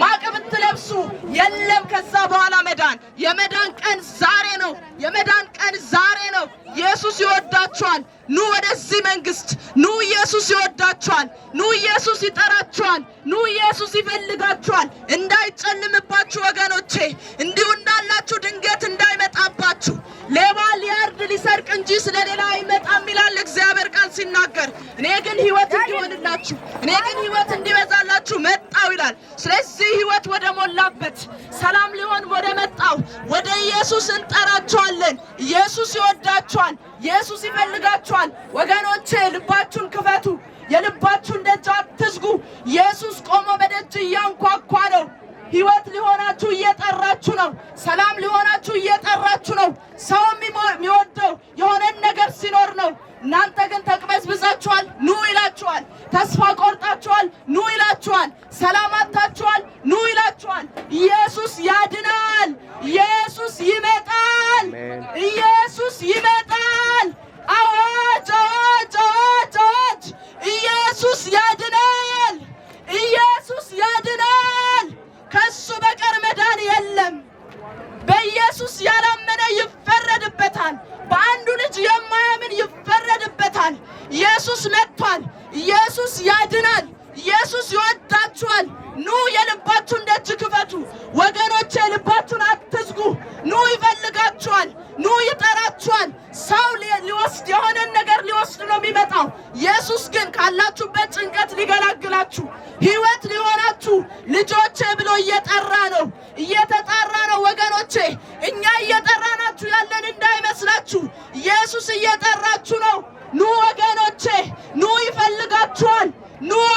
ማቅብ ትለብሱ የለም። ከዛ በኋላ መዳን የመዳን ቀን ዛሬ ነው። የመዳን ቀን ዛሬ ነው። ኢየሱስ ይወዳችኋል። ኑ ወደዚህ መንግስት ኑ። ኢየሱስ ይወዳችኋል። ኑ። ኢየሱስ ይጠራችኋል። ኑ። ኢየሱስ ይፈልጋችኋል። እንዳይጨልምባችሁ ወገኖቼ፣ እንዲሁ እንዳላችሁ ድንገት እንዳይመጣባችሁ። ሌባ ሊያርድ ሊሰርቅ እንጂ ስለሌላ አይመጣም ይላል እግዚአብሔር ቃል ሲናገር። እኔ ግን ሕይወት እንዲሆን አላችሁ፣ እኔ ግን ህይወት እንዲበዛላችሁ መጣው ይላል። ስለዚህ ህይወት ወደ ሞላበት ሰላም ሊሆን ወደ መጣው ወደ ኢየሱስ እንጠራችኋለን። ኢየሱስ ይወዳችኋል። ኢየሱስ ይፈልጋችኋል። ወገኖቼ ልባችሁን ክፈቱ። የልባችሁን ደጅ አትዝጉ። ኢየሱስ ቆሞ በደጅ እያንኳኳ ነው። ህይወት ሊሆናችሁ እየጠራችሁ ነው። ሰላም ሊሆናችሁ እየጠራችሁ ነው። ሰው የሚወደው የሆነን ነገር ሲኖር ነው። እናንተ ግን ተስፋ ቆርጣችኋል፣ ኑ ይላችኋል። ሰላም አጥታችኋል፣ ኑ ይላችኋል። ኢየሱስ ያድናል። ኢየሱስ ይመጣል። ኢየሱስ ይመጣል። አዋጅ! አዋጅ! አዋጅ! አዋጅ! ኢየሱስ ያድናል። ኢየሱስ ያድናል። ከሱ በቀር መዳን የለም። በኢየሱስ ያላመነ ኢየሱስ መጥቷል። ኢየሱስ ያድናል። ኢየሱስ ይወዳችኋል። ኑ የልባችሁን ደጅ ክፈቱ ወገኖች፣ የልባችሁን አትዝጉ። ኑ ይፈልጋችኋል። ኑ ይጠራችኋል። ሰው ሊወስድ የሆነን ነገር ሊወስድ ነው የሚመጣው። ኢየሱስ ግን ካላችሁበት ጭንቀት ሊገላግላችሁ፣ ህይወት ሊሆናችሁ ልጆቼ ብሎ እየጠራ ነው እየተጣራ ነው ወገኖቼ። እኛ እየጠራናችሁ ያለን እንዳይመስላችሁ፣ ኢየሱስ እየጠራችሁ ነው። ኑ ወገ No